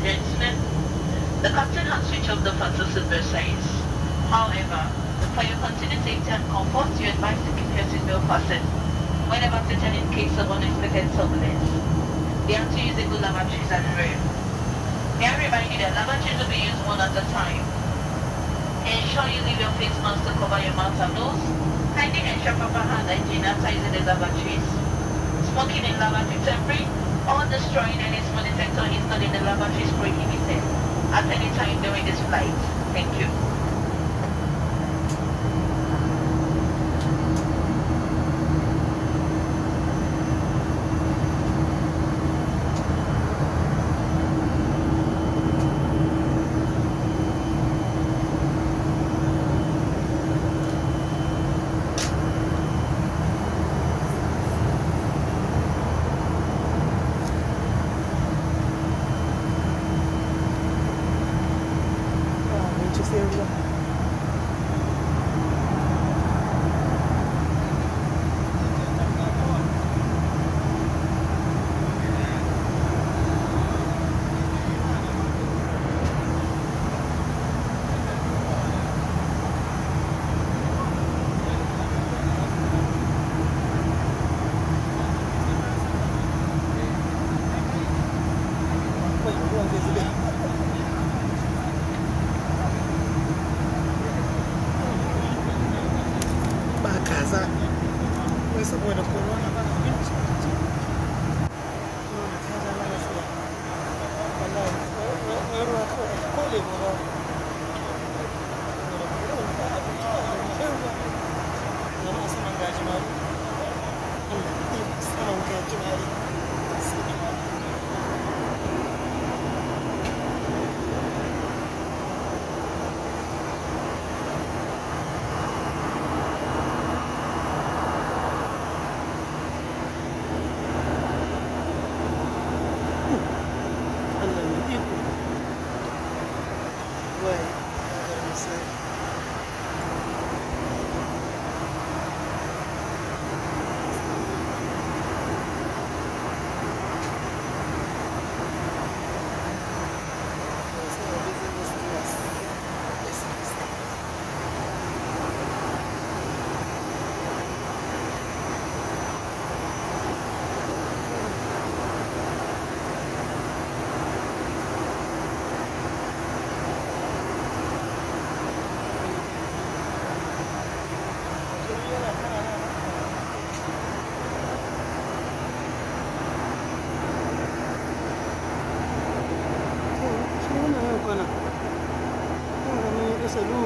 advancement, the captain had switched off the fastest in signs. However, for your continued safety and comfort, you advise to keep your seatbelt fastened whenever seated in case of unexpected turbulence. You have to use a good lavatories and room. May I remind you that lavatories will be used one at a time. Ensure you leave your face mask to cover your mouth and nose. Kindly ensure proper hand hygiene after using the lavatories. Smoking in lavatory temporary all destroying any small detector installed in the laboratory is prohibited at any time during this flight. Thank you.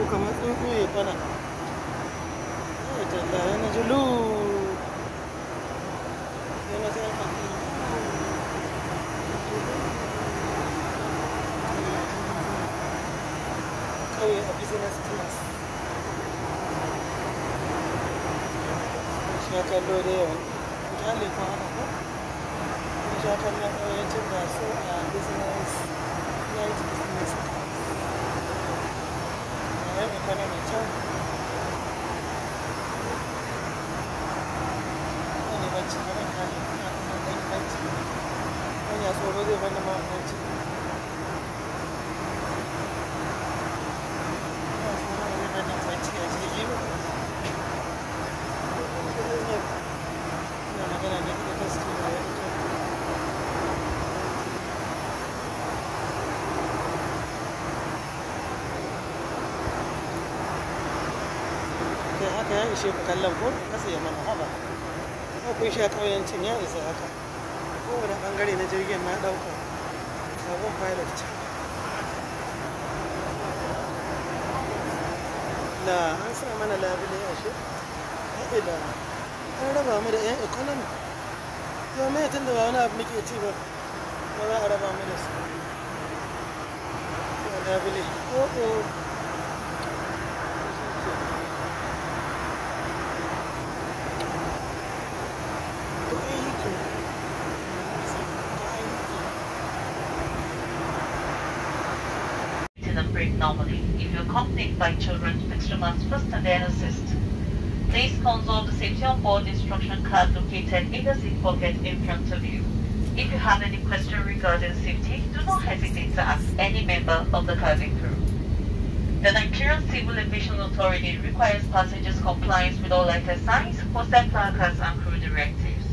a u k a m a t s u ya fana ya na a n i k kauye u n l yawa n a u business b u s i n e s s kana mai kyau ne bacci kamar kana kuma ɗan bacci zai bani haka ya ishe ku kallon ko ka ya mana haba ko kun sha ƙauyancin ya isa haka Ko wani ɓangare na jirgin na ɗauka sabon pilot ce na an sa mana labule a shi ila an raba mu da 'yan economy yau mai tun da ba wani abu muke ci ba ba za a raba mu da su labule Ko oh normally if you're accompanied by children. Extra masks first and then assist. Please consult the safety on board instruction card located in the seat pocket in front of you. If you have any question regarding safety, do not hesitate to ask any member of the cabin crew. The Nigerian Civil Aviation Authority requires passengers compliance with all letter signs, posted placards and crew directives.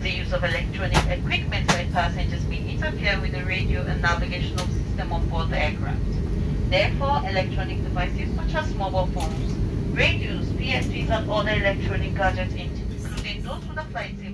The use of electronic equipment by passengers may interfere with the radio and navigational system on board the aircraft. Therefore, electronic devices such as mobile phones, radios, PSPs and other electronic gadgets including those with a flight